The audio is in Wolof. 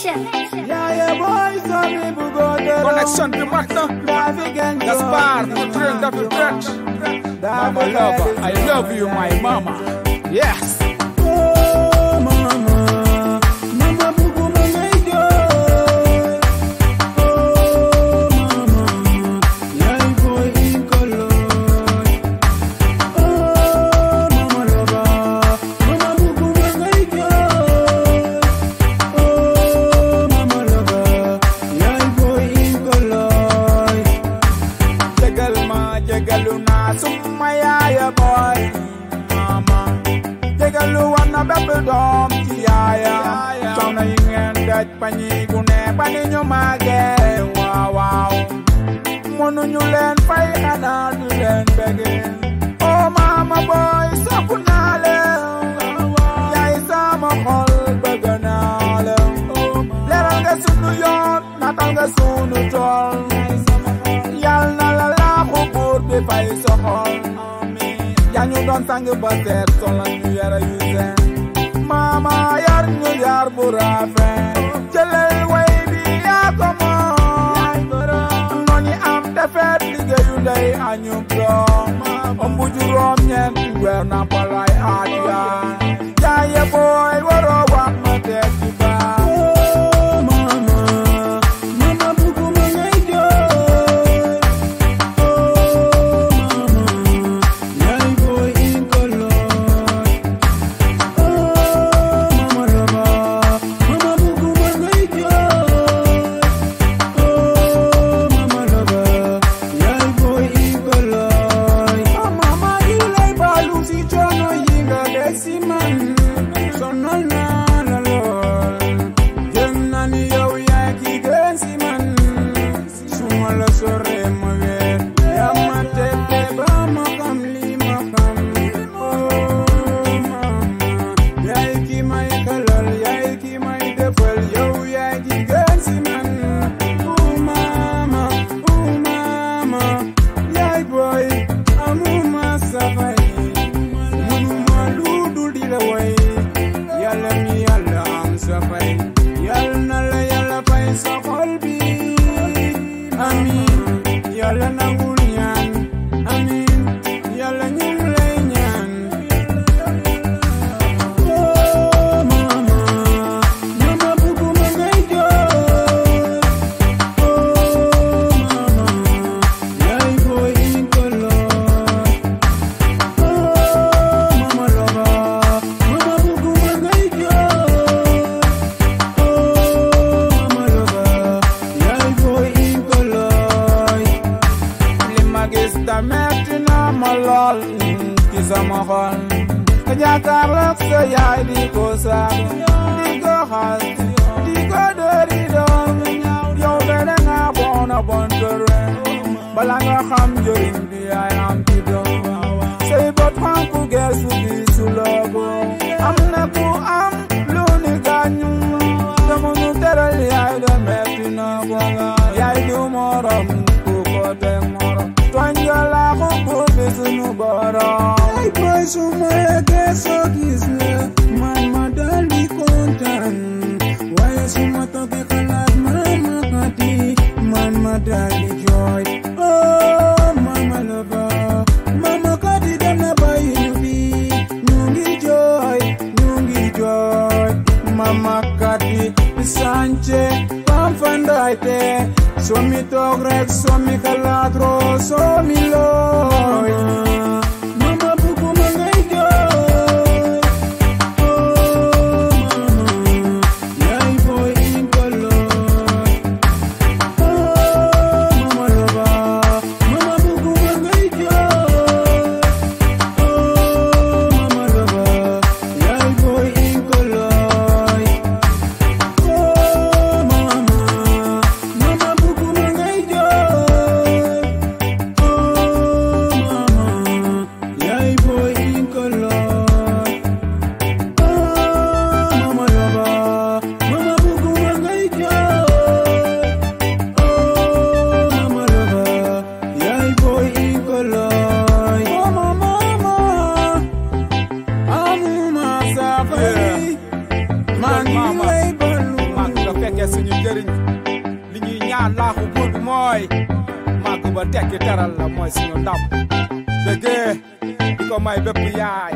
Connection. Yeah, yeah, that's some people the matter. That's part, I love you, my mama. Yes. Kalu wana bebel dom Yaya Chona ingendet panyi gune Pani nyumage Wow wow Munu nyulen fai kana Nyulen begin Oh mama boy Sakunale Yaisa mokol Beganale Leral gesunu yon Natal gesunu tol Yal nalala Kukur bifai so kañu doon sang ba teer sol na ñu yara yu seen maama yar ñu yar bu rafet jëlal way bi yaa ko moom noñi am defeet liggéeyu ndey añu doom ëmb rom ñeent weer na balay aat memory lool ci sama xol nga jàkkaarloog sa yaay di ko saag di ko xas di ko dóori doom yow de da nga bon a bon tere bala nga xam njëriñ bi ay am ci doom say bët xonk geesu di su loogo the price of oh, my address of My mother be content. Why is not talking about my mother? My mother be joy. Oh, mama lover. Mama kadi dana buy you be. Nungi joy, nungi Mama I laa ko buur bi mooy màgg ba tekki teral la mooy suñu ndam bëggee di ko may bépp yaay